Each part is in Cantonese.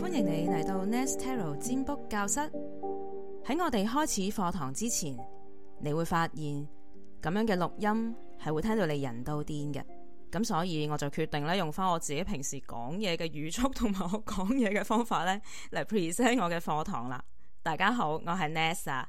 歡迎你嚟到 Nesta Tarot 占卜教室。喺我哋開始課堂之前，你會發現咁樣嘅錄音係會聽到你人都癲嘅。咁所以我就決定咧用返我自己平時講嘢嘅語速同埋我講嘢嘅方法咧嚟 present 我嘅課堂啦。大家好，我係 Nesta 啊。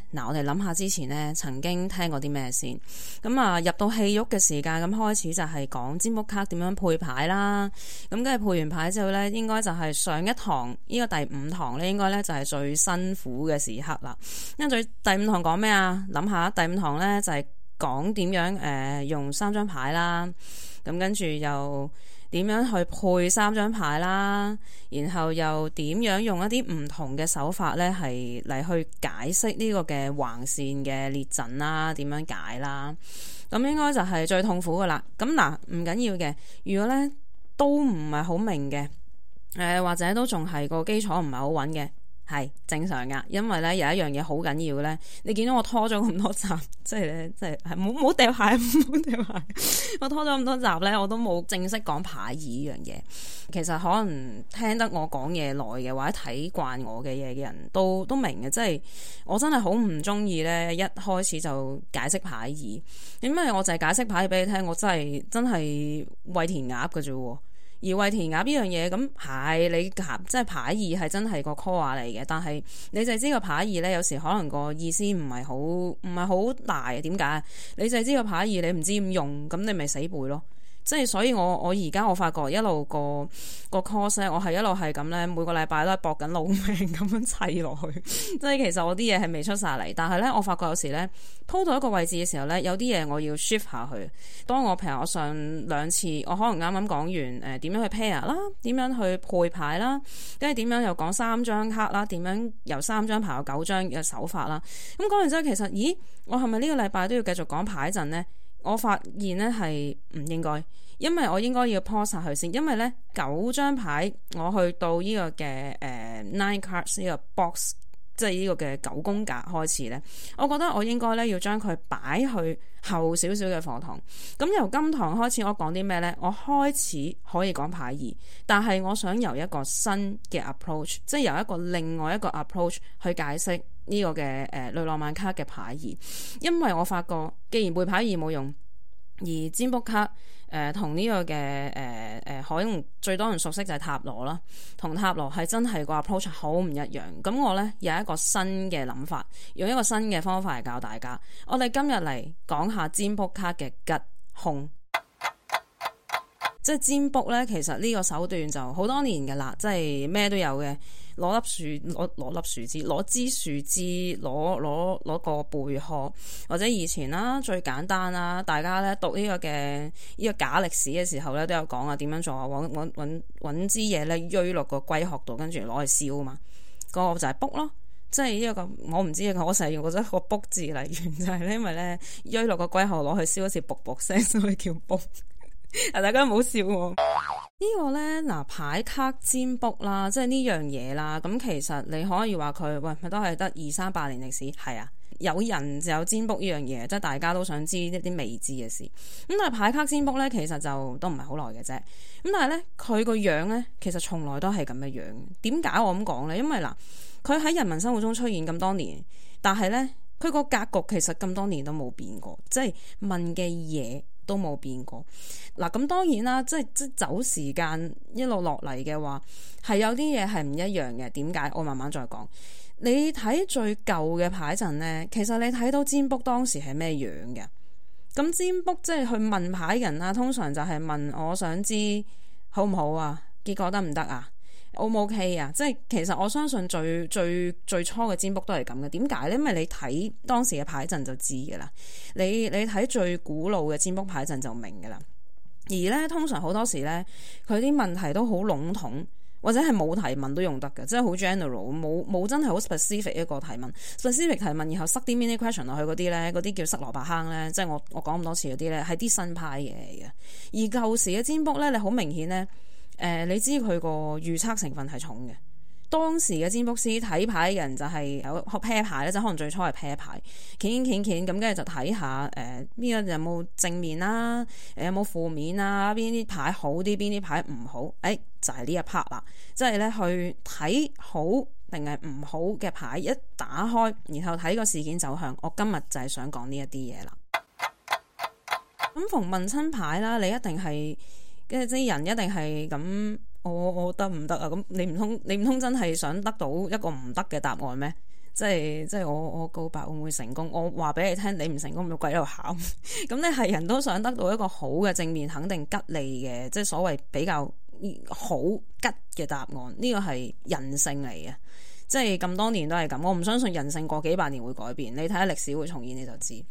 嗱、啊，我哋諗下之前呢曾經聽過啲咩先？咁、嗯、啊，入到戲肉嘅時間，咁開始就係講佔卜卡點樣配牌啦。咁跟住配完牌之後呢，應該就係上一堂呢、這個第五堂呢，應該呢就係最辛苦嘅時刻啦。跟住第五堂講咩啊？諗下第五堂呢就係、是。講點樣誒、呃、用三張牌啦，咁跟住又點樣去配三張牌啦，然後又點樣用一啲唔同嘅手法呢？係嚟，去解釋呢個嘅橫線嘅列陣啦，點樣解啦？咁、嗯、應該就係最痛苦噶啦。咁、嗯、嗱，唔緊要嘅，如果呢都唔係好明嘅，誒、呃、或者都仲係個基礎唔係好穩嘅。係正常噶，因為咧有一樣嘢好緊要咧，你見到我拖咗咁多集，即係咧，即係係冇冇掉牌，冇掉牌， 我拖咗咁多集咧，我都冇正式講牌意呢樣嘢。其實可能聽得我講嘢耐嘅或者睇慣我嘅嘢嘅人都都明嘅，即係我真係好唔中意咧，一開始就解釋牌意，因我解我就係解釋牌意俾你聽，我真係真係喂填鴨嘅啫。而為填鴨呢樣嘢，咁牌你夾，即係牌二係真係個 core 嚟嘅，但係你就係知個牌二咧，有時可能個意思唔係好唔係好大，點解？你就係知個牌二，你唔知點用，咁你咪死背咯。即係所以我，我我而家我發覺一路個、個 course，我係一路係咁咧，每個禮拜都係搏緊老命咁樣砌落去。 即係其實我啲嘢係未出晒嚟，但係咧我發覺有時咧鋪到一個位置嘅時候咧，有啲嘢我要 shift 下去。當我譬如我上兩次，我可能啱啱講完誒點樣去 pair 啦，點、呃、樣去配牌啦，跟住點樣又講三張卡啦，點樣由三張牌到九張嘅手法啦。咁、嗯、講完之後，其實咦，我係咪呢個禮拜都要繼續講牌陣咧？我發現呢係唔應該，因為我應該要剖晒佢先。因為呢九張牌，我去到呢個嘅誒、呃、nine cards 呢個 box，即係呢個嘅九宮格開始呢。我覺得我應該呢要將佢擺去後少少嘅課堂。咁、嗯、由今堂開始，我講啲咩呢？我開始可以講牌二，但係我想由一個新嘅 approach，即係由一個另外一個 approach 去解釋。呢個嘅誒、呃、雷諾曼卡嘅牌義，因為我發覺，既然背牌義冇用，而占卜卡誒同呢個嘅誒誒，可能最多人熟悉就係塔羅啦。同塔羅係真係、這個 approach 好唔一樣。咁我呢，有一個新嘅諗法，用一個新嘅方法嚟教大家。我哋今日嚟講下占卜卡嘅吉凶，即係占卜呢，其實呢個手段就好多年㗎喇，即係咩都有嘅。攞粒樹攞攞粒樹枝，攞支樹枝，攞攞攞個貝殼，或者以前啦，最簡單啦，大家咧讀呢個嘅呢個假歷史嘅時候咧，都有講啊，點樣做啊，揾揾揾揾枝嘢咧，鋥落個龜殼度，跟住攞去燒啊嘛，嗰個就係卜咯，即係呢個我唔知，我成日用咗個卜字嚟源，就係因為咧鋥落個龜殼攞去燒一次，卜卜聲，所以叫卜。大家唔好笑我。呢個咧嗱牌卡占卜啦，即係呢樣嘢啦，咁其實你可以話佢喂，咪都係得二三百年歷史，係啊，有人就有占卜呢樣嘢，即係大家都想知一啲未知嘅事。咁但係牌卡占卜咧，其實就都唔係好耐嘅啫。咁但係咧，佢個樣咧，其實從來都係咁嘅樣。點解我咁講咧？因為嗱，佢喺人民生活中出現咁多年，但係咧，佢個格局其實咁多年都冇變過，即係問嘅嘢。都冇變過，嗱，咁當然啦，即係即走時間一路落嚟嘅話，係有啲嘢係唔一樣嘅。點解？我慢慢再講。你睇最舊嘅牌陣呢，其實你睇到占卜當時係咩樣嘅。咁占卜即係去問牌人啊，通常就係問我想知好唔好啊，結果得唔得啊？O 唔 O K 啊？即係、okay, 其實我相信最最最初嘅占卜都係咁嘅。點解呢？因為你睇當時嘅牌陣就知噶啦。你你睇最古老嘅占卜牌陣就明噶啦。而咧通常好多時咧，佢啲問題都好籠統，或者係冇提問都用得嘅，即係好 general，冇冇真係好 specific 一個提問。specific 提問然後塞啲 mini question 落去嗰啲咧，嗰啲叫塞蘿卜坑咧，即係我我講咁多次嗰啲咧，係啲新派嘢嚟嘅。而舊時嘅占卜咧，你好明顯咧。誒、呃，你知佢個預測成分係重嘅。當時嘅占卜師睇牌人就係有 pair 牌咧，就可能最初係 pair 牌，鉗鉗鉗咁，跟住就睇下誒，呢、呃、個有冇正面啦、啊，誒有冇負面啦、啊，邊啲牌好啲，邊啲牌唔好，誒就係、是、呢一 part 啦，即係咧去睇好定係唔好嘅牌一打開，然後睇個事件走向。我今日就係想講呢一啲嘢啦。咁逢問親牌啦，你一定係。跟住啲人一定係咁，我我得唔得啊？咁你唔通你唔通真係想得到一個唔得嘅答案咩？即係即係我我告白會唔會成功？我話俾你聽，你唔成功，咪鬼喺度喊。咁 你係人都想得到一個好嘅正面肯定、吉利嘅，即係所謂比較好吉嘅答案。呢個係人性嚟嘅，即係咁多年都係咁。我唔相信人性過幾百年會改變。你睇下歷史會重現你就知。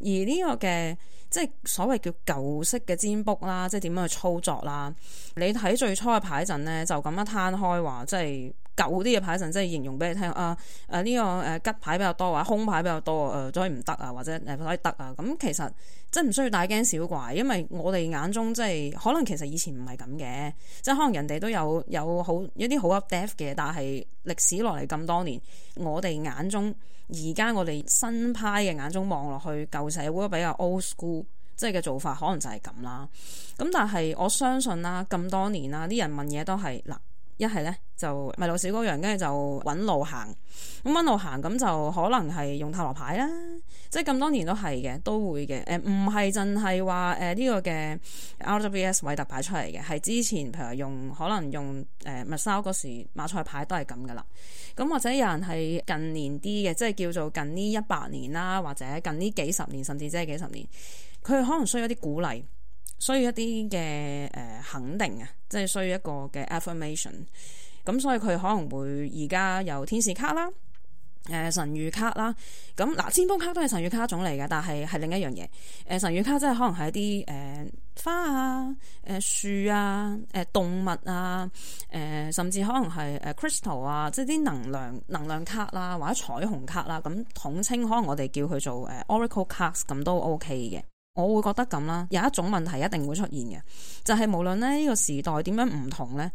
而呢個嘅。即係所謂叫舊式嘅占卜啦，即係點樣去操作啦？你睇最初嘅牌陣咧，就咁樣攤開話，即係舊啲嘅牌陣，即係形容俾你聽啊！誒、啊、呢、這個誒吉牌比較多，或者兇牌比較多，誒所以唔得啊，或者誒、呃、所以得啊。咁其實～真唔需要大驚小怪，因為我哋眼中即係可能其實以前唔係咁嘅，即係可能人哋都有有好有一啲好 up date 嘅，但係歷史落嚟咁多年，我哋眼中而家我哋新派嘅眼中望落去舊社會比較 old school，即係嘅做法可能就係咁啦。咁但係我相信啦，咁多年啦，啲人問嘢都係嗱。一係咧就迷路小羔羊，跟住就揾路行。咁揾路行咁就可能係用塔羅牌啦，即係咁多年都係嘅，都會嘅。誒唔係淨係話誒呢個嘅 RWS 偉特牌出嚟嘅，係之前譬如用，可能用誒麥莎嗰時馬賽牌都係咁噶啦。咁或者有人係近年啲嘅，即係叫做近呢一百年啦，或者近呢幾十年，甚至即係幾十年，佢可能需要一啲鼓勵。需要一啲嘅誒肯定啊，即係需要一個嘅 affirmation。咁所以佢可能會而家有天使卡啦，誒、呃、神諭卡啦。咁嗱，千方卡都係神諭卡種嚟嘅，但係係另一樣嘢。誒、呃、神諭卡即係可能係一啲誒、呃、花啊、誒、呃、樹啊、誒、呃、動物啊、誒、呃、甚至可能係誒 crystal 啊，即係啲能量能量卡啦，或者彩虹卡啦。咁統稱可能我哋叫佢做誒 oracle cards，咁都 OK 嘅。我會覺得咁啦，有一種問題一定會出現嘅，就係、是、無論咧呢個時代點樣唔同咧，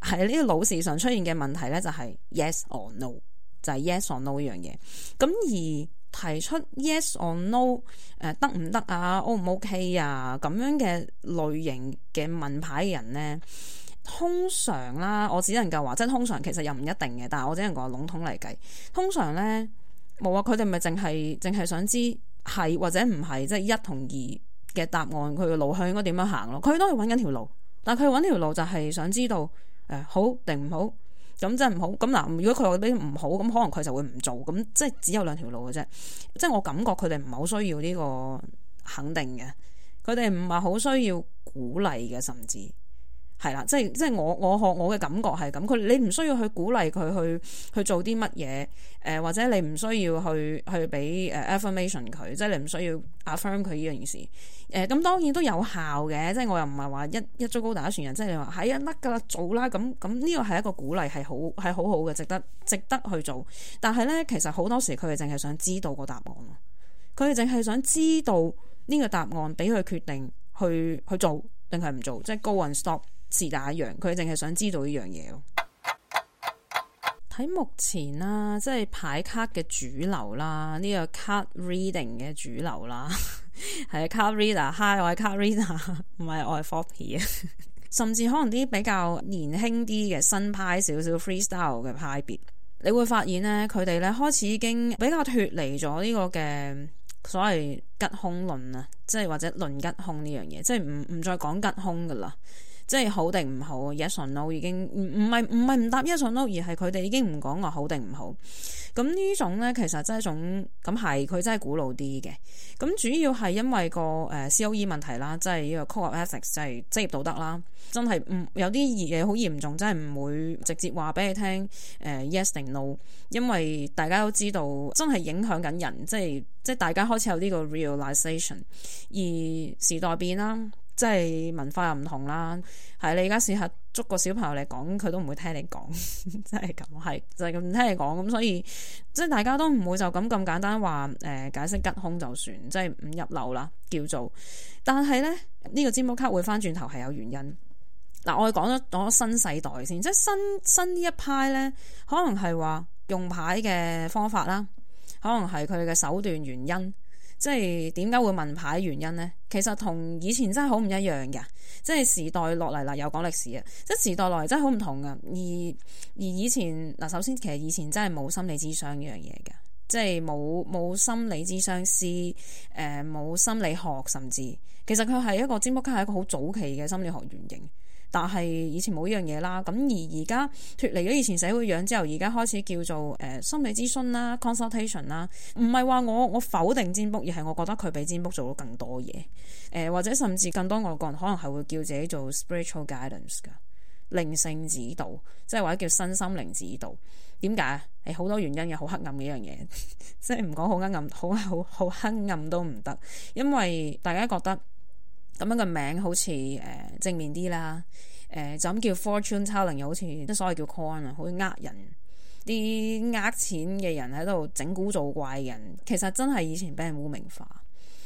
係呢個老時常出現嘅問題咧，就係 yes or no，就係 yes or no 呢樣嘢。咁而提出 yes or no 誒，得唔得啊？O 唔 OK 啊？咁、啊啊、樣嘅類型嘅問牌人咧，通常啦，我只能夠話，即係通常其實又唔一定嘅，但係我只能夠籠統嚟計，通常咧冇啊，佢哋咪淨係淨係想知。係或者唔係，即係一同二嘅答案，佢嘅路向應該點樣行咯？佢都係搵緊條路，但係佢搵條路就係想知道，誒、呃、好定唔好咁就係唔好咁嗱。如果佢話畀唔好，咁可能佢就會唔做。咁即係只有兩條路嘅啫，即係我感覺佢哋唔係好需要呢個肯定嘅，佢哋唔係好需要鼓勵嘅，甚至。係啦，即係即係我我學我嘅感覺係咁。佢你唔需要去鼓勵佢去去做啲乜嘢，誒、呃、或者你唔需要去去俾誒 affirmation 佢，即係你唔需要 affirm 佢呢樣件事誒。咁、呃、當然都有效嘅，即係我又唔係話一一竹篙打一船人，即係你話係啊，甩㗎啦，做啦咁咁呢個係一個鼓勵係好係好好嘅，值得值得去做。但係咧，其實好多時佢哋淨係想知道，答想知道個答案佢哋淨係想知道呢個答案俾佢決定去去做定係唔做，即係 go and stop。自打一樣，佢淨係想知道呢樣嘢咯。睇 目前啦，即係牌卡嘅主流啦，呢、這個 card reading 嘅主流啦，係 card reader，嗨，我係 card reader，唔係我係 foppy 啊。甚至可能啲比較年輕啲嘅新派少少 freestyle 嘅派別，你會發現呢，佢哋咧開始已經比較脫離咗呢個嘅所謂吉凶論啊，即係或者論吉凶呢樣嘢，即係唔唔再講吉凶噶啦。即係好定唔好？Yes or no？已經唔唔係唔係唔答 yes or no，而係佢哋已經唔講話好定唔好。咁呢種呢，其實真係一種咁係佢真係古老啲嘅。咁主要係因為個 COE 問題啦，即係呢個 Code of Ethics，即係職業道德啦，真係唔有啲嘢好嚴重，真係唔會直接話俾你聽誒、呃、yes 定 no，因為大家都知道真係影響緊人，即係即係大家開始有呢個 realization 而時代變啦。即係文化又唔同啦，係你而家試下捉個小朋友嚟講，佢都唔會聽你講，真係咁，係就係、是、咁聽你講，咁所以即係、就是、大家都唔會就咁咁簡單話，誒、呃、解釋吉凶就算，即係唔入流啦，叫做。但係咧呢、這個占卜卡會翻轉頭係有原因。嗱，我哋講咗講新世代先，即係新新呢一派咧，可能係話用牌嘅方法啦，可能係佢嘅手段原因。即係點解會問牌原因呢？其實同以前真係好唔一樣嘅，即係時代落嚟啦，又講歷史啊！即係時代落嚟真係好唔同啊！而而以前嗱，首先其實以前真係冇心理諮詢呢樣嘢嘅，即係冇冇心理諮詢師，誒冇心理學，甚至其實佢係一個占卜卡，係一個好早期嘅心理學原型。但係以前冇依樣嘢啦，咁而而家脫離咗以前社會樣之後，而家開始叫做誒、呃、心理諮詢啦、consultation 啦、啊，唔係話我我否定占卜，而係我覺得佢比占卜做到更多嘢，誒、呃、或者甚至更多外國人可能係會叫自己做 spiritual guidance 㗎靈性指導，即係或者叫身心靈指導。點解？係好多原因嘅，好黑暗嘅一樣嘢，即係唔講好黑暗，好好好黑暗都唔得，因為大家覺得。咁樣個名好似誒、呃、正面啲啦，誒、呃、就咁叫 fortune telling 又好似，所謂叫 con 啊，好似呃人，啲呃錢嘅人喺度整蠱做怪人，其實真係以前俾人污名化，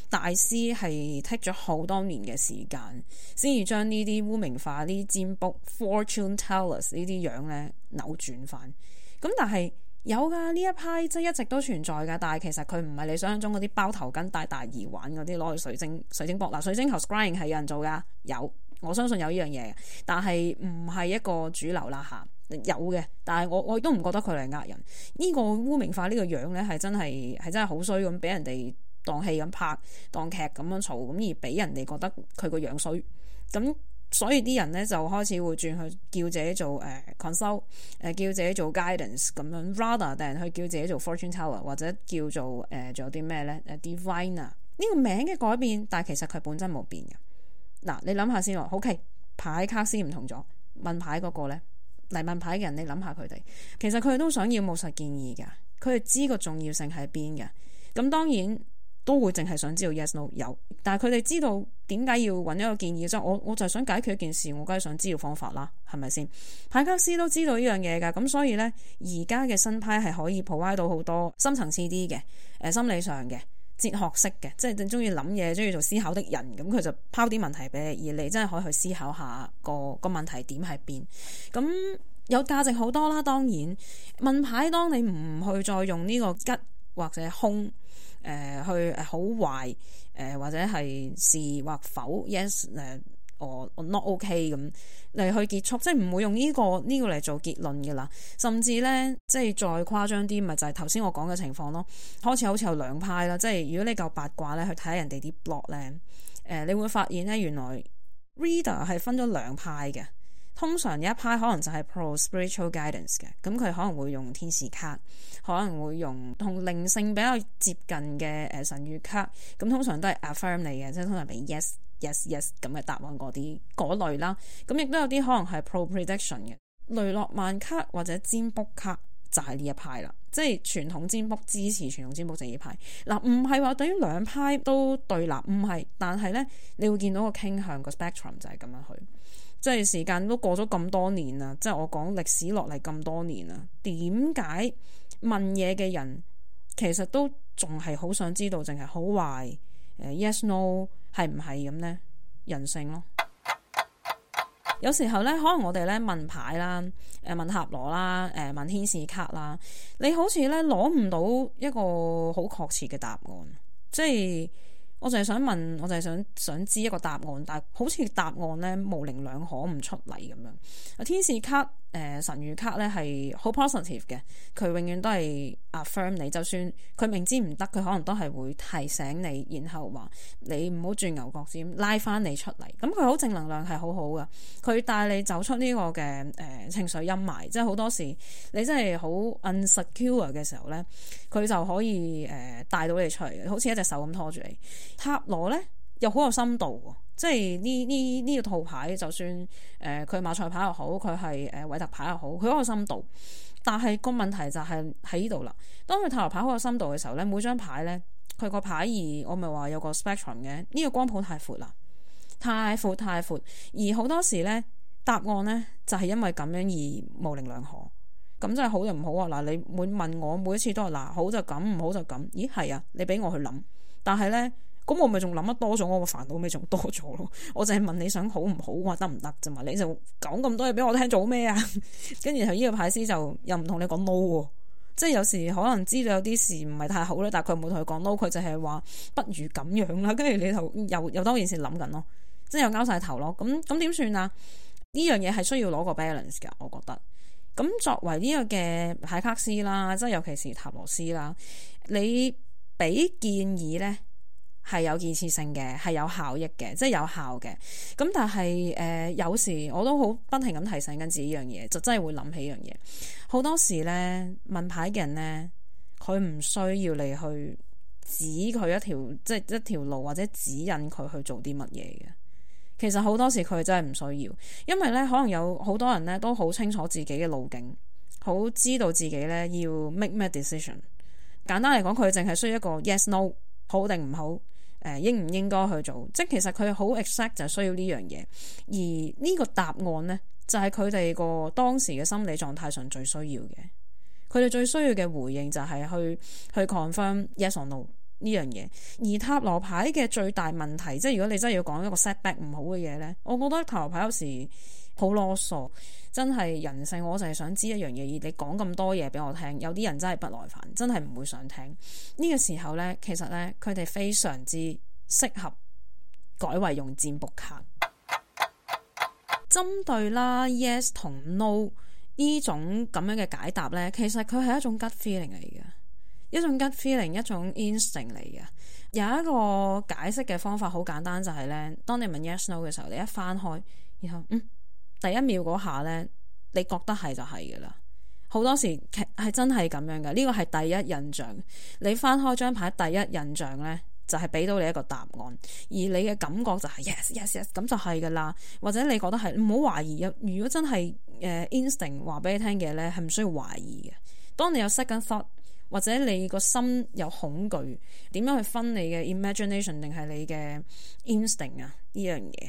大師係剔咗好多年嘅時間，先至將呢啲污名化呢啲占卜 fortune tellers 呢啲樣咧扭轉翻，咁但係。有噶呢一派即係一直都存在噶，但係其實佢唔係你想象中嗰啲包頭巾戴大耳環嗰啲攞去水晶水晶博，嗱水晶球 scrying 係有人做噶，有，我相信有呢樣嘢，但係唔係一個主流啦吓，有嘅，但係我我亦都唔覺得佢嚟呃人，呢個污名化呢個樣呢，係真係係真係好衰咁俾人哋當戲咁拍當劇咁樣嘈咁而俾人哋覺得佢個樣衰咁。所以啲人咧就開始會轉去叫自己做誒、uh, consult，uh, 誒叫自己做 guidance 咁樣 rather than 去叫自己做 fortune teller 或者叫做誒仲、uh, 有啲咩咧誒 diviner 呢、uh, divine er, 個名嘅改變，但係其實佢本身冇變嘅。嗱，你諗下先喎，OK 牌卡先唔同咗，問牌嗰個咧嚟問牌嘅人，你諗下佢哋，其實佢哋都想要務實建議嘅，佢哋知個重要性喺邊嘅。咁當然，都會淨係想知道 yes no 有，但係佢哋知道點解要揾一個建議啫。我我就係想解決一件事，我梗係想知道方法啦，係咪先？派牌斯都知道呢樣嘢嘅，咁所以呢，而家嘅新派係可以 provide 到好多深層次啲嘅，誒、呃、心理上嘅、哲學式嘅，即係正中意諗嘢、中意做思考的人，咁佢就拋啲問題俾你，而你真係可以去思考下個個問題點喺邊。咁有價值好多啦，當然問牌當你唔去再用呢個吉或者空。誒去好壞，誒或者係是或否，yes 誒我 not okay 咁嚟去結束，即係唔會用呢個呢個嚟做結論嘅啦。甚至咧，即係再誇張啲，咪就係頭先我講嘅情況咯。開始好似有兩派啦，即係如果你夠八卦咧，去睇人哋啲 blog 咧、呃，誒，你會發現咧，原來 reader 係分咗兩派嘅。通常有一派可能就係 pro spiritual guidance 嘅，咁佢可能會用天使卡，可能會用同靈性比較接近嘅誒神諭卡，咁通常都係 affirm 你嘅，即係通常俾 yes yes yes 咁嘅答案嗰啲嗰類啦。咁亦都有啲可能係 pro prediction 嘅，雷諾曼卡或者占卜卡就係呢一派啦，即係傳統占卜支持傳統占卜就呢派。嗱、呃，唔係話等於兩派都對立，唔係，但係咧你會見到個傾向個 spectrum 就係咁樣去。即係時間都過咗咁多年啦，即係我講歷史落嚟咁多年啦，點解問嘢嘅人其實都仲係好想知道淨係好壞？誒、呃、Yes no 係唔係咁呢？人性咯 有時候呢，可能我哋呢問牌啦，誒問塔羅啦，誒問天使卡啦，你好似呢攞唔到一個好確切嘅答案，即係。我就係想問，我就係想想知一個答案，但係好似答案咧模棱兩可，唔出嚟咁樣。天使卡。誒、呃、神與卡咧係好 positive 嘅，佢永遠都係 affirm 你，就算佢明知唔得，佢可能都係會提醒你，然後話你唔好轉牛角尖，拉翻你出嚟。咁佢好正能量係好好㗎，佢帶你走出呢、這個嘅誒、呃、情緒陰霾，即係好多時你真係好 unsecure 嘅時候咧，佢就可以誒、呃、帶到你出嚟，好似一隻手咁拖住你。塔羅咧又好有深度。即係呢呢呢個套牌，就算誒佢、呃、馬賽牌又好，佢係誒韋特牌又好，佢有個深度。但係個問題就係喺呢度啦。當佢塔羅牌有深度嘅時候咧，每張牌咧，佢個牌而我咪話有個 spectrum 嘅呢個光譜太闊啦，太闊太闊，太闊。而好多時咧，答案咧就係因為咁樣而模棱兩可。咁真係好就唔好啊！嗱，你每問我每一次都係嗱好就咁，唔好就咁。咦係啊？你俾我去諗，但係咧。咁我咪仲諗得多咗，我個煩惱咪仲多咗咯。我淨係問你想好唔好，話得唔得啫？嘛，你就講咁多嘢俾我聽，做咩啊？跟住，後呢個派斯就又唔同你講 no，即係有時可能知道有啲事唔係太好咧，但係佢冇同佢講 no，佢就係話不如咁樣啦。跟住你頭又又,又多件事諗緊咯，即係又交晒頭咯。咁咁點算啊？呢樣嘢係需要攞個 balance 嘅，我覺得咁作為呢個嘅派克斯啦，即係尤其是塔羅斯啦，你俾建議咧。係有建設性嘅，係有效益嘅，即係有效嘅。咁但係誒、呃，有時我都好不停咁提醒緊自己一樣嘢，就真係會諗起一樣嘢。好多時咧問牌嘅人咧，佢唔需要你去指佢一條即係一條路或者指引佢去做啲乜嘢嘅。其實好多時佢真係唔需要，因為咧可能有好多人咧都好清楚自己嘅路徑，好知道自己咧要 make 咩 decision。簡單嚟講，佢淨係需要一個 yes no，好定唔好。誒應唔應該去做？即其實佢好 exact 就需要呢樣嘢，而呢個答案呢，就係佢哋個當時嘅心理狀態上最需要嘅，佢哋最需要嘅回應就係去去 confirm yes or no 呢樣嘢。而塔羅牌嘅最大問題，即係如果你真係要講一個 setback 唔好嘅嘢呢，我覺得塔羅牌有時好囉嗦。真係人性，我就係想知一樣嘢而你講咁多嘢俾我聽，有啲人真係不耐煩，真係唔會想聽。呢、這個時候呢，其實呢，佢哋非常之適合改為用占卜卡，針 對啦 yes 同 no 呢種咁樣嘅解答呢，其實佢係一種 gut feeling 嚟嘅，一種 gut feeling，一種 instinct 嚟嘅。有一個解釋嘅方法好簡單，就係、是、呢：當你問 yes no 嘅時候，你一翻開，然後嗯。第一秒嗰下呢，你覺得係就係噶啦，好多時係真係咁樣嘅。呢個係第一印象。你翻開張牌，第一印象呢，就係俾到你一個答案，而你嘅感覺就係、是、yes yes yes，咁就係噶啦。或者你覺得係唔好懷疑。如果真係誒、呃、instinct 話俾你聽嘅呢，咧，係唔需要懷疑嘅。當你有 second thought 或者你個心有恐懼，點樣去分你嘅 imagination 定係你嘅 instinct 啊？呢樣嘢。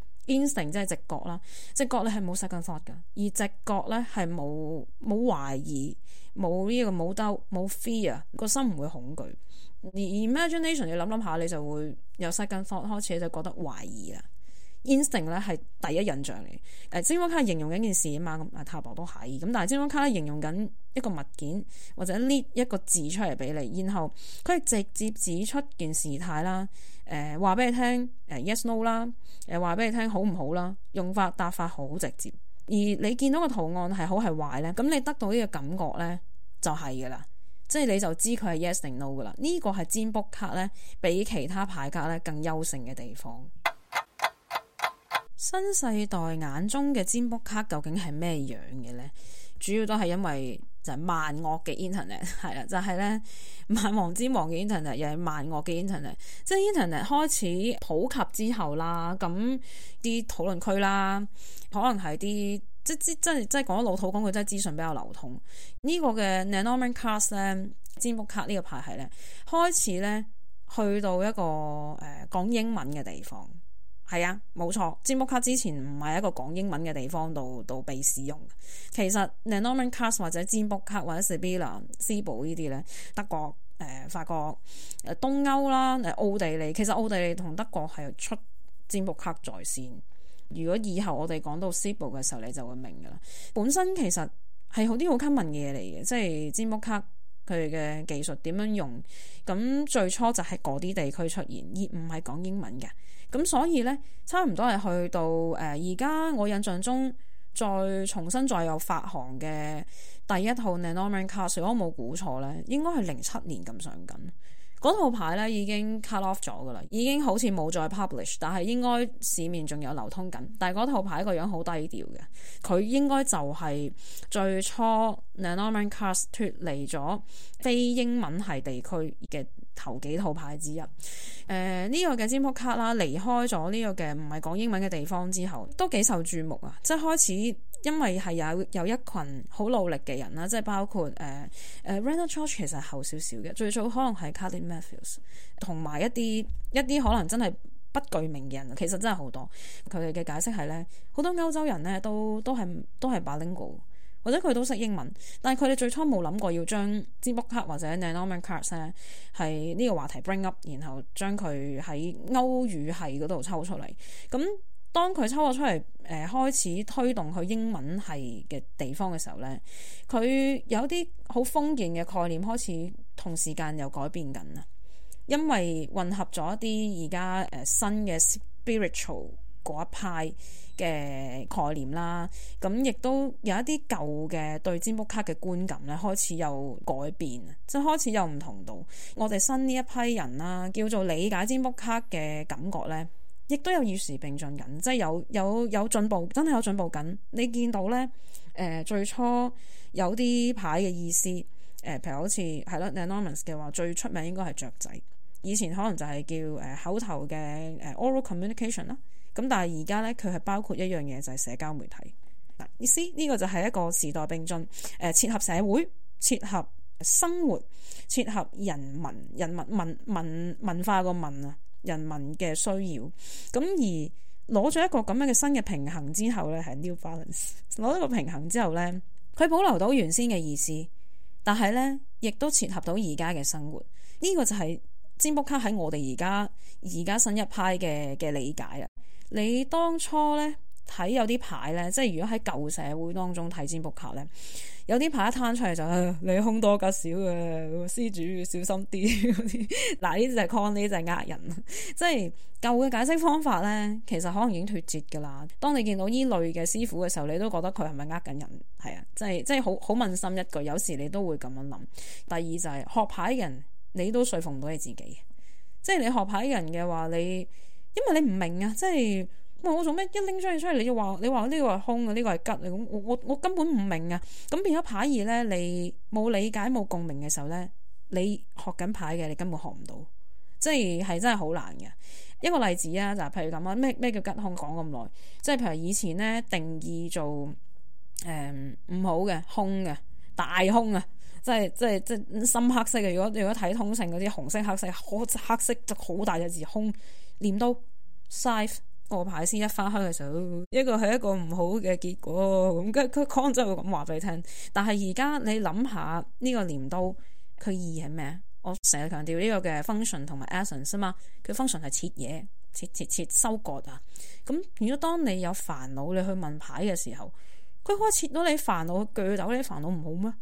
Instinct, 即係直覺啦，直覺你係冇 second thought 嘅，而直覺咧係冇冇懷疑、冇呢個冇 doubt，冇 fear，個心唔會恐懼。而 imagination 你諗諗下，你就會有 second thought 開始你就覺得懷疑啦。instinct 咧係第一印象嚟，誒占卜卡形容緊件事啊嘛，咁誒塔羅都係，咁但係占卜卡咧形容緊一個物件或者呢一個字出嚟俾你，然後佢係直接指出件事態啦，誒話俾你聽，誒、呃、yes no 啦，誒話俾你聽好唔好啦，用法答法好直接，而你見到個圖案係好係壞咧，咁你得到呢個感覺咧就係噶啦，即係你就知佢係 yes 定 no 噶啦，呢、這個係占卜卡咧比其他牌卡咧更優勝嘅地方。新世代眼中嘅占卜卡究竟係咩樣嘅咧？主要都係因為就係萬惡嘅 internet，係啦，就係、是、咧萬王之王嘅 internet，又係萬惡嘅 internet。即係 internet 開始普及之後啦，咁啲討論區啦，可能係啲即係即係即係講老土講，佢真係資訊比較流通。這個、呢個嘅 nanoman cards 咧，占卜卡個呢個牌係咧，開始咧去到一個誒講、呃、英文嘅地方。係啊，冇錯，占卜卡之前唔係一個講英文嘅地方度度被使用。其實 Norman 卡或者占卜卡或者 Sebila、斯堡呢啲咧，德國、誒、呃、法國、誒東歐啦、誒、呃、奧地利，其實奧地利同德國係出占卜卡在先。如果以後我哋講到斯堡嘅時候，你就會明噶啦。本身其實係好啲好 common 嘅嘢嚟嘅，即係占卜卡。佢嘅技術點樣用？咁最初就係嗰啲地區出現，而唔係講英文嘅。咁所以呢，差唔多係去到誒而家，呃、我印象中再重新再有發行嘅第一套 Norman Cast，如果我冇估錯呢，應該係零七年咁上緊。嗰套牌咧已經 cut off 咗㗎喇，已經好似冇再 publish，但係應該市面仲有流通緊。但係嗰套牌個樣好低調嘅，佢應該就係最初 Lenormand cards 脫離咗非英文系地區嘅頭幾套牌之一。誒、呃、呢、這個嘅占卜卡啦離開咗呢個嘅唔係講英文嘅地方之後，都幾受注目啊！即係開始。因為係有有一群好努力嘅人啦，即係包括誒誒 Rena Church 其實係後少少嘅，最早可能係 Cuddy Matthews 同埋一啲一啲可能真係不具名嘅人，其實真係好多。佢哋嘅解釋係咧，好多歐洲人咧都都係都係 Bilingual 或者佢都識英文，但係佢哋最初冇諗過要將占卜卡或者 nonoman cards 咧係呢個話題 bring up，然後將佢喺歐語系嗰度抽出嚟咁。當佢抽咗出嚟，誒、呃、開始推動佢英文系嘅地方嘅時候呢，佢有啲好封建嘅概念開始同時間又改變緊啦。因為混合咗一啲而家誒新嘅 spiritual 嗰一派嘅概念啦，咁亦都有一啲舊嘅對占卜卡嘅觀感咧開始又改變，即係開始有唔同到我哋新呢一批人啦，叫做理解占卜卡嘅感覺呢。亦都有與時並進緊，即係有有有進步，真係有進步緊。你見到咧，誒、呃、最初有啲牌嘅意思，誒、呃、譬如好似係咯，Anonymous 嘅話最出名應該係雀仔。以前可能就係叫誒口頭嘅誒 oral communication 啦。咁但係而家咧，佢係包括一樣嘢就係、是、社交媒體。意思呢個就係一個時代並進，誒、呃、切合社會、切合生活、切合人民、人民文文文，文，文化個文啊。人民嘅需要，咁而攞咗一個咁樣嘅新嘅平衡之後呢，係 New Balance 攞咗個平衡之後呢，佢保留到原先嘅意思，但係呢亦都切合到而家嘅生活。呢、這個就係占卜卡喺我哋而家而家新一派嘅嘅理解啊！你當初呢。睇有啲牌咧，即係如果喺舊社會當中睇占卜卡咧，有啲牌一攤出嚟就、嗯、你凶多吉少嘅，施主小心啲嗱，呢 啲就係坑，呢啲就係呃人，即係舊嘅解釋方法咧，其實可能已經脱節噶啦。當你見到呢類嘅師傅嘅時候，你都覺得佢係咪呃緊人？係啊，即係即係好好問心一句，有時你都會咁樣諗。第二就係、是、學牌人，你都說服唔到你自己，即係你學牌嘅人嘅話，你因為你唔明啊，即係。我做咩一拎出去出嚟，你就話你話呢個係空啊，呢個係吉啊。咁我我我根本唔明啊。咁變咗牌二咧，你冇理解冇共鳴嘅時候咧，你學緊牌嘅，你根本學唔到，即係係真係好難嘅一個例子啊。就係譬如咁啊，咩咩叫吉空講咁耐，即係譬如以前咧定義做誒唔、嗯、好嘅空嘅大空啊，即係即係即係深黑色嘅。如果如果睇通性嗰啲紅色黑色好黑，黑色就好大隻字空念刀個牌先一翻開嘅時候，一個係一個唔好嘅結果，咁佢佢康就咁話俾你聽。但係而家你諗下呢個鐮刀，佢意義係咩？我成日強調呢個嘅 function 同埋 essence 啊嘛，佢 function 係切嘢，切切切，切收割啊。咁如果當你有煩惱，你去問牌嘅時候，佢可以切到你煩惱，鋸走你煩惱唔好咩？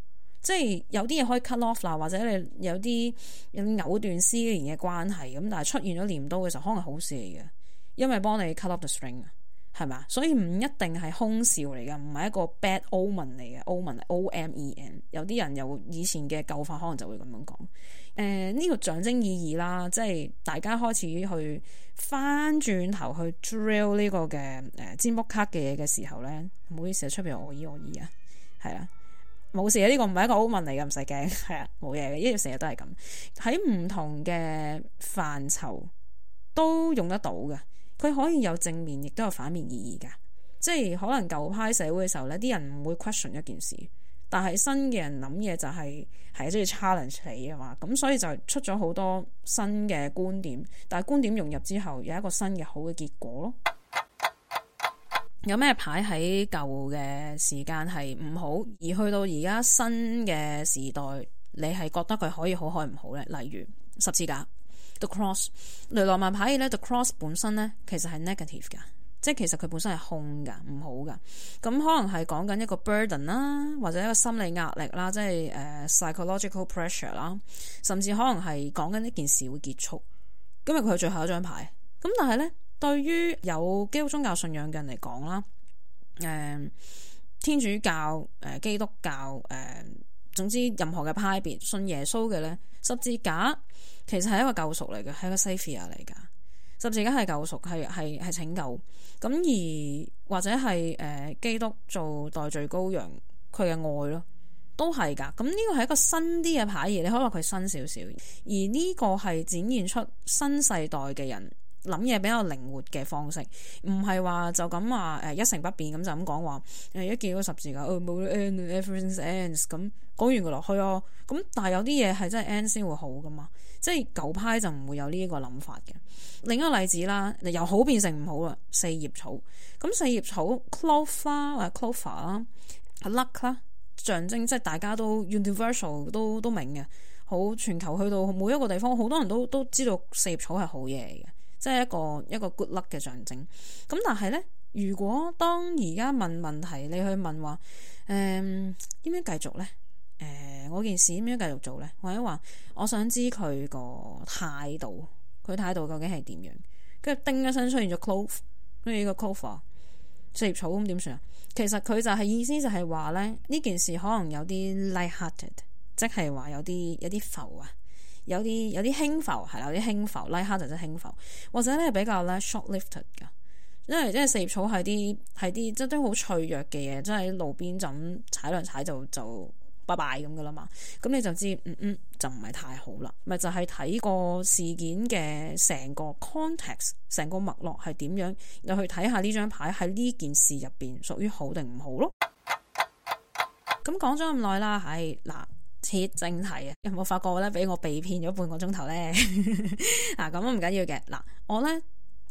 即係有啲嘢可以 cut off 啦，或者你有啲有啲藕斷絲連嘅關係咁，但係出現咗鐮刀嘅時候，可能係好事嚟嘅。因為幫你 cut up the string 啊，係嘛？所以唔一定係凶兆嚟嘅，唔係一個 bad omen 嚟嘅 omen o, o, men, o m e n。有啲人有以前嘅舊法可能就會咁樣講。誒、呃、呢、這個象徵意義啦，即係大家開始去翻轉頭去 drill 呢個嘅誒占卜卡嘅嘢嘅時候咧，唔好意思，出邊我依我依啊，係啊，冇事啊，呢、這個唔係一個 omen 嚟嘅，唔使驚係啊，冇嘢嘅，因為成日都係咁喺唔同嘅範疇都用得到嘅。佢可以有正面，亦都有反面意義㗎，即係可能舊派社會嘅時候呢啲人唔會 question 一件事，但係新嘅人諗嘢就係係中意 challenge 你啊嘛，咁所以就出咗好多新嘅觀點，但係觀點融入之後，有一個新嘅好嘅結果咯。有咩牌喺舊嘅時間係唔好，而去到而家新嘅時代，你係覺得佢可以好，可以唔好呢？例如十字架。The cross，雷諾曼牌咧，The cross 本身咧，其實係 negative 噶，即係其實佢本身係空噶，唔好噶。咁可能係講緊一個 burden 啦，或者一個心理壓力啦，即係誒、呃、psychological pressure 啦，甚至可能係講緊呢件事會結束。今日佢係最後一張牌，咁但係咧，對於有基督教信仰嘅人嚟講啦，誒、呃、天主教誒、呃、基督教誒。呃總之任何嘅派別信耶穌嘅咧，十字架其實係一個救贖嚟嘅，係一個 savior 嚟噶。十字架係救贖，係係係拯救。咁而或者係誒、呃、基督做代罪羔羊，佢嘅愛咯，都係噶。咁呢個係一個新啲嘅牌而，你可以話佢新少少。而呢個係展現出新世代嘅人。諗嘢比較靈活嘅方式，唔係話就咁話誒一成不變咁就咁講話。誒，一見到十字架，哦，everything ends 咁講完佢落去咯。咁，啊，但係有啲嘢係真係 end 先會好噶嘛，即係舊派就唔會有呢個諗法嘅。另一個例子啦，由好變成唔好啦。四葉草咁四葉草 clover 或者 clover 啦，luck 啦，象徵即係大家都 universal 都都明嘅，好全球去到每一個地方，好多人都都知道四葉草係好嘢嘅。即係一個一個 good luck 嘅象徵。咁但係咧，如果當而家問問題，你去問話，誒、嗯、點樣繼續咧？誒、嗯、我件事點樣繼續做咧？或者話我想知佢個態度，佢態度究竟係點樣？跟住叮一聲出現咗 clover，跟住呢個 clover、啊、四葉草咁點算啊？其實佢就係、是、意思就係話咧，呢件事可能有啲 light-hearted，即係話有啲有啲浮啊。有啲有啲輕浮係啦，有啲輕浮，拉黑就真係輕浮，或者咧比較咧 short-lived 嘅，因為即係四葉草係啲係啲即都好脆弱嘅嘢，真係路邊就咁踩兩踩就就拜拜咁噶啦嘛，咁你就知嗯嗯就唔係太好啦，咪就係睇個事件嘅成個 context，成個脈絡係點樣，就去睇下呢張牌喺呢件事入邊屬於好定唔好咯。咁講咗咁耐啦，係 嗱。貼正題有有 啊！有冇發覺咧，俾我被騙咗半個鐘頭咧？啊，咁唔緊要嘅。嗱，我咧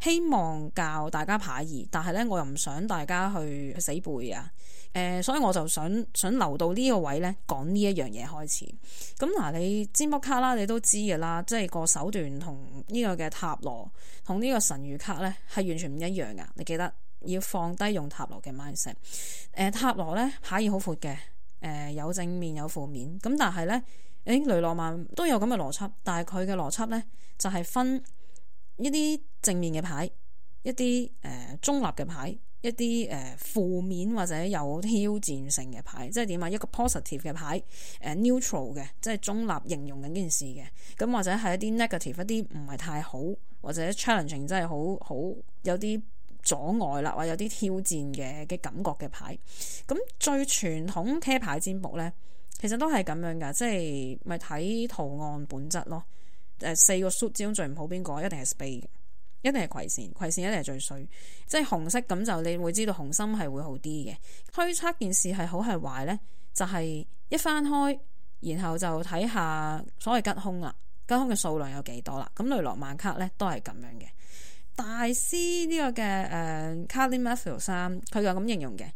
希望教大家牌義，但係咧我又唔想大家去死背啊。誒、呃，所以我就想想留到呢個位咧，講呢一樣嘢，開始。咁嗱，你占卜卡啦，你都知噶啦，即係個手段同呢個嘅塔羅同呢個神諭卡咧係完全唔一樣噶。你記得要放低用塔羅嘅 mindset。塔羅咧牌義好闊嘅。誒、呃，有正面有負面，咁但係咧，誒、欸、雷諾曼都有咁嘅邏輯，但係佢嘅邏輯咧就係、是、分一啲正面嘅牌，一啲誒、呃、中立嘅牌，一啲誒負面或者有挑戰性嘅牌，即係點啊？一個 positive 嘅牌，誒、呃、neutral 嘅，即係中立形容緊件事嘅，咁或者係一啲 negative 一啲唔係太好或者 challenging，即係好好有啲。阻礙啦，或者有啲挑戰嘅嘅感覺嘅牌。咁最傳統啤牌占卜呢，其實都係咁樣噶，即係咪睇圖案本質咯？誒、呃，四個 suit 之中最唔好邊個，一定係 Spade，一定係葵扇，葵扇一定係最衰。即係紅色咁就你會知道紅心係會好啲嘅。推測件事係好係壞呢，就係、是、一翻開，然後就睇下所謂吉凶啦，吉凶嘅數量有幾多啦。咁雷諾曼卡呢，都係咁樣嘅。大師呢個嘅誒，Carly Mathew 三佢就咁形容嘅。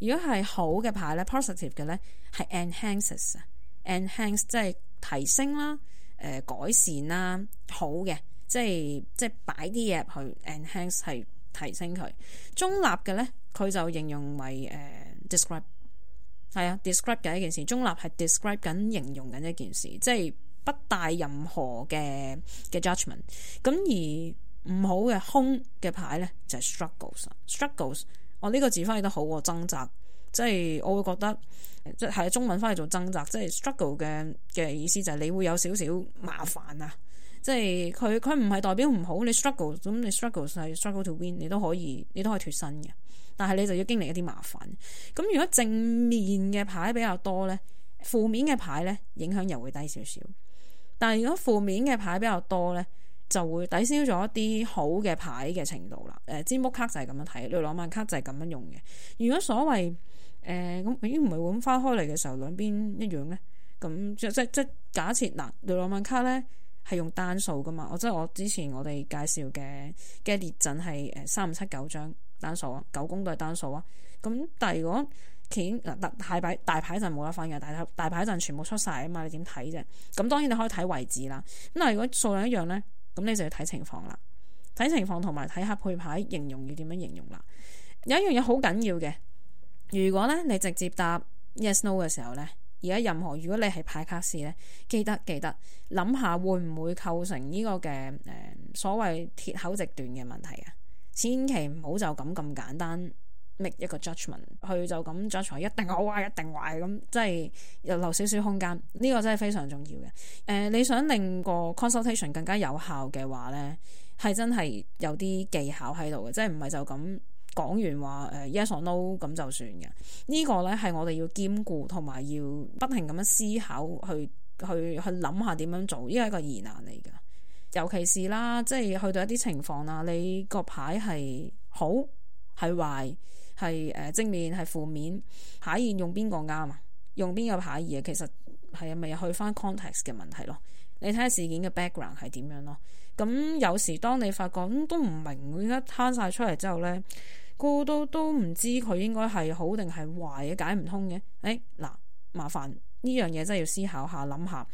如果係好嘅牌咧，positive 嘅咧係 enhances 啊，enhance 即係提升啦，誒、呃、改善啦，好嘅即係即係擺啲嘢去 enhance 係提升佢，中立嘅咧。佢就形容為誒、uh, describe 係啊，describe 嘅一件事，中立係 describe 緊形容緊一件事，即係不帶任何嘅嘅 judgment 咁而。唔好嘅空嘅牌咧，就係、是、struggles。struggles，我呢個字翻譯得好，掙扎，即係我會覺得，即係中文翻譯做掙扎，即係 struggle 嘅嘅意思就係你會有少少麻煩啊！即係佢佢唔係代表唔好，你 struggle 咁你 struggle str 係 struggle to win，你都可以你都可以脫身嘅，但係你就要經歷一啲麻煩。咁如果正面嘅牌比較多咧，負面嘅牌咧影響又會低少少。但係如果負面嘅牌比較多咧。就會抵消咗一啲好嘅牌嘅程度啦。誒、呃，占卜卡就係咁樣睇，雷諾曼卡就係咁樣用嘅。如果所謂誒咁，如果唔係咁翻開嚟嘅時候，兩邊一樣咧，咁即即即假設嗱、呃，雷諾曼卡咧係用單數噶嘛。我即我之前我哋介紹嘅嘅列陣係誒、呃、三五七九張單數啊，九宮都係單數啊。咁但係如果顯嗱大牌大，大牌陣冇得翻嘅，大牌大牌陣全部出晒啊嘛，你點睇啫？咁當然你可以睇位置啦。咁如果數量一樣咧？咁你就要睇情況啦，睇情況同埋睇下配牌形容要點樣形容啦。有一樣嘢好緊要嘅，如果咧你直接答 Yes No 嘅時候咧，而家任何如果你係派卡士咧，記得記得諗下會唔會構成呢個嘅誒、呃、所謂鐵口直斷嘅問題啊！千祈唔好就咁咁簡單。make 一個 judgment 佢就咁 judgment 一定好啊，一定壞咁，即係有留少少空間。呢、這個真係非常重要嘅。誒、呃，你想令個 consultation 更加有效嘅話咧，係真係有啲技巧喺度嘅，即係唔係就咁講完話誒、呃、yes or no 咁就算嘅。這個、呢個咧係我哋要兼顧同埋要不停咁樣思考，去去去諗下點樣做。呢個係一個疑難嚟嘅，尤其是啦，即係去到一啲情況啦，你個牌係好係壞。係誒、呃、正面係負面，下議用邊個啱啊？用邊個諧意？啊？其實係啊，咪去翻 context 嘅問題咯。你睇下事件嘅 background 係點樣咯？咁有時當你發覺都唔明，依家攤晒出嚟之後呢，個都都唔知佢應該係好定係壞嘅，解唔通嘅。誒、欸、嗱，麻煩呢樣嘢真係要思考下，諗下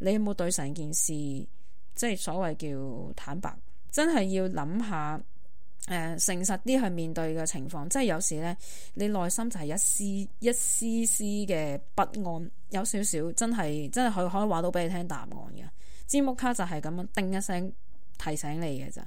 你有冇對成件事，即係所謂叫坦白，真係要諗下。誒，誠實啲去面對嘅情況，即係有時咧，你內心就係一絲一絲絲嘅不安，有少少真係真係可可以話到俾你聽答案嘅，字幕卡就係咁樣叮一聲提醒你嘅咋。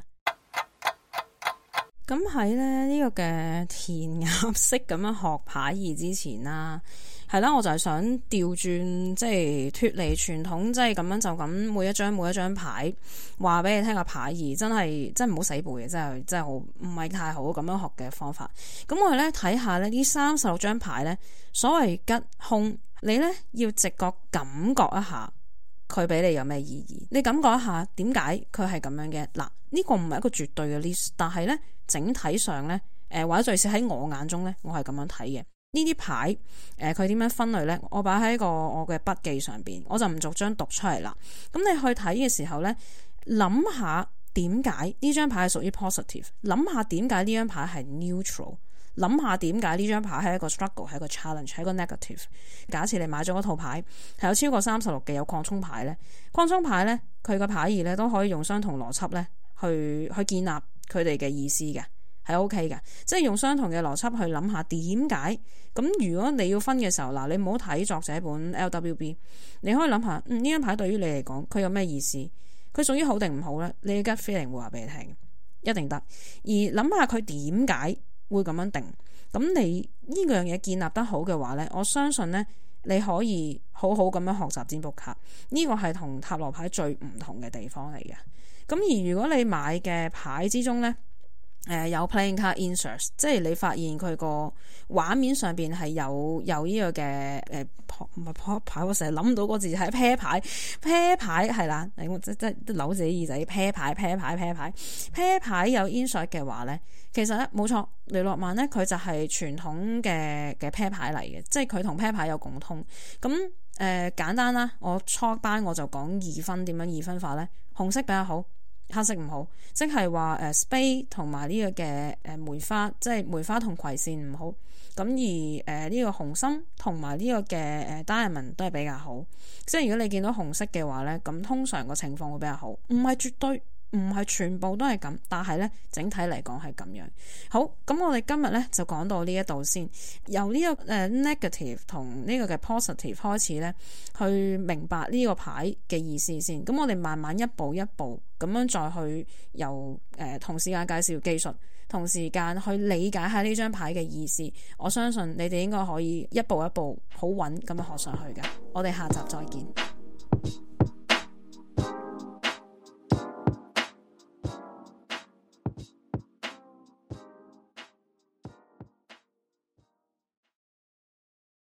咁喺咧呢個嘅填鴨式咁樣學牌意之前啦，係啦，我就係想調轉，即係脫離傳統，即係咁樣就咁每一張每一張牌話俾你聽。下牌意真係真係唔好死背嘅，真係真係好唔係太好咁樣學嘅方法。咁我哋咧睇下咧呢三十六張牌咧，所謂吉凶，你咧要直覺感覺一下。佢俾你有咩意義？你感覺一下，點解佢係咁樣嘅？嗱，呢個唔係一個絕對嘅 list，但係呢，整體上呢，誒或者最少喺我眼中呢，我係咁樣睇嘅。呢啲牌，誒，佢點樣分類呢？我擺喺個我嘅筆記上邊，我就唔逐張讀出嚟啦。咁你去睇嘅時候呢，諗下點解呢張牌係屬於 positive？諗下點解呢張牌係 neutral？諗下點解呢張牌係一個 struggle，係一個 challenge，係一個 negative。假設你買咗嗰套牌，係有超過三十六嘅有擴充牌咧，擴充牌咧佢個牌義咧都可以用相同邏輯咧去去建立佢哋嘅意思嘅，係 O K 嘅，即係用相同嘅邏輯去諗下點解。咁如果你要分嘅時候嗱，你唔好睇作者本 L W B，你可以諗下嗯、呢張牌對於你嚟講佢有咩意思，佢屬於好定唔好咧？你嘅 gut feeling 會話俾你聽，一定得。而諗下佢點解。會咁樣定，咁你呢樣嘢建立得好嘅話呢，我相信呢你可以好好咁樣學習占卜卡，呢個係同塔羅牌最唔同嘅地方嚟嘅。咁而如果你買嘅牌之中呢。誒、呃、有 playing card insert，即係你發現佢個畫面上邊係有有依樣嘅，誒，唔係牌牌，我成日諗唔到嗰字係啤牌，啤牌係啦，誒即即扭自己耳仔，啤牌啤牌啤牌啤牌有 insert 嘅話咧，其實咧冇錯，雷諾曼咧佢就係傳統嘅嘅啤牌嚟嘅，即係佢同啤牌有共通。咁誒、呃、簡單啦，我初班我就講二分點樣二分化咧，紅色比較好。黑色唔好，即係話誒，spade 同埋呢個嘅誒梅花，即係梅花同葵扇唔好咁。而誒呢、呃這個紅心同埋呢個嘅誒 diamond 都係比較好。即係如果你見到紅色嘅話咧，咁通常個情況會比較好，唔係絕對。唔係全部都係咁，但係咧整體嚟講係咁樣。好，咁我哋今日咧就講到呢一度先，由呢個誒 negative 同呢個嘅 positive 開始咧，去明白呢個牌嘅意思先。咁我哋慢慢一步一步咁樣再去由誒同時間介紹技術，同時間去理解下呢張牌嘅意思。我相信你哋應該可以一步一步好穩咁樣學上去嘅。我哋下集再見。